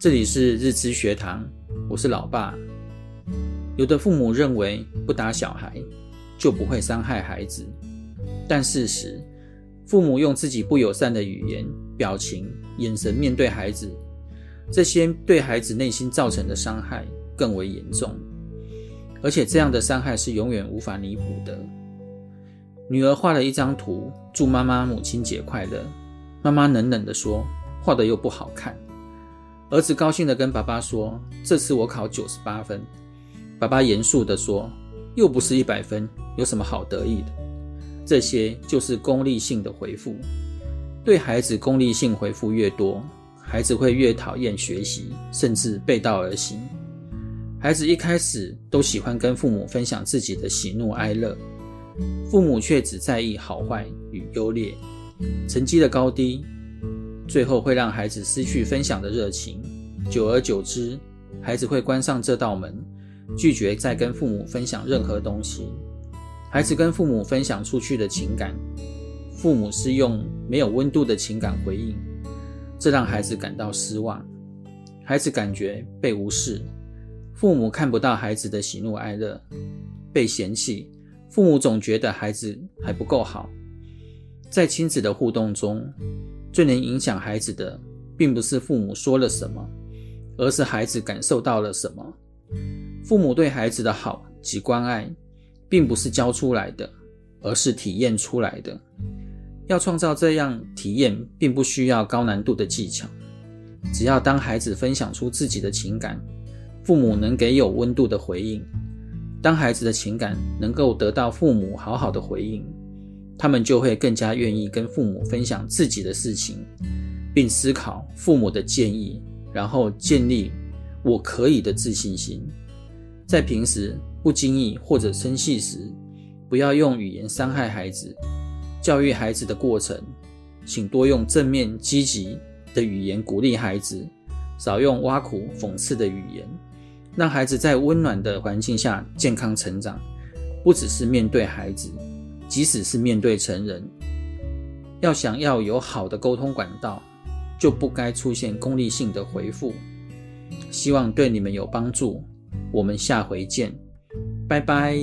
這裡是日知學堂，我是老爸。有的父母認為不打小孩就不會傷害孩子，但事實，父母用自己不友善的語言、表情、眼神面對孩子，這些對孩子內心造成的傷害更為嚴重，而且這樣的傷害是永遠無法彌補的。女兒畫了一張圖，祝媽媽母親節快樂。媽媽冷冷地說：“畫的又不好看。”兒子高興的跟爸爸說：“這次我考九十八分。”爸爸嚴肅的說：“又不是一百分，有什麼好得意的？”這些就是功利性的回復。對孩子功利性回復越多，孩子會越討厭學習，甚至背道而行。孩子一開始都喜歡跟父母分享自己的喜怒哀樂，父母卻只在意好壞與優劣，成績的高低。最後會讓孩子失去分享的熱情，久而久之，孩子會關上這道門，拒絕再跟父母分享任何東西。孩子跟父母分享出去的情感，父母是用沒有溫度的情感回應，這讓孩子感到失望，孩子感覺被無視，父母看不到孩子的喜怒哀樂，被嫌棄，父母總覺得孩子還不夠好，在親子的互動中，最能影響孩子的，並不是父母說了什麼，而是孩子感受到了什麼。父母對孩子的好及關愛，並不是教出來的，而是體驗出來的。要創造這樣體驗，並不需要高難度的技巧，只要當孩子分享出自己的情感，父母能給有溫度的回應。當孩子的情感能夠得到父母好好的回應。他們就會更加願意跟父母分享自己的事情，並思考父母的建議，然後建立我可以的自信心。在平時不經意或者生氣時，不要用語言傷害孩子。教育孩子的過程，請多用正面積極的語言鼓勵孩子，少用挖苦諷刺的語言，讓孩子在溫暖的環境下健康成長。不只是面對孩子。即使是面對成人，要想要有好的溝通管道，就不該出現功利性的回復。希望對你們有幫助，我們下回見，拜拜。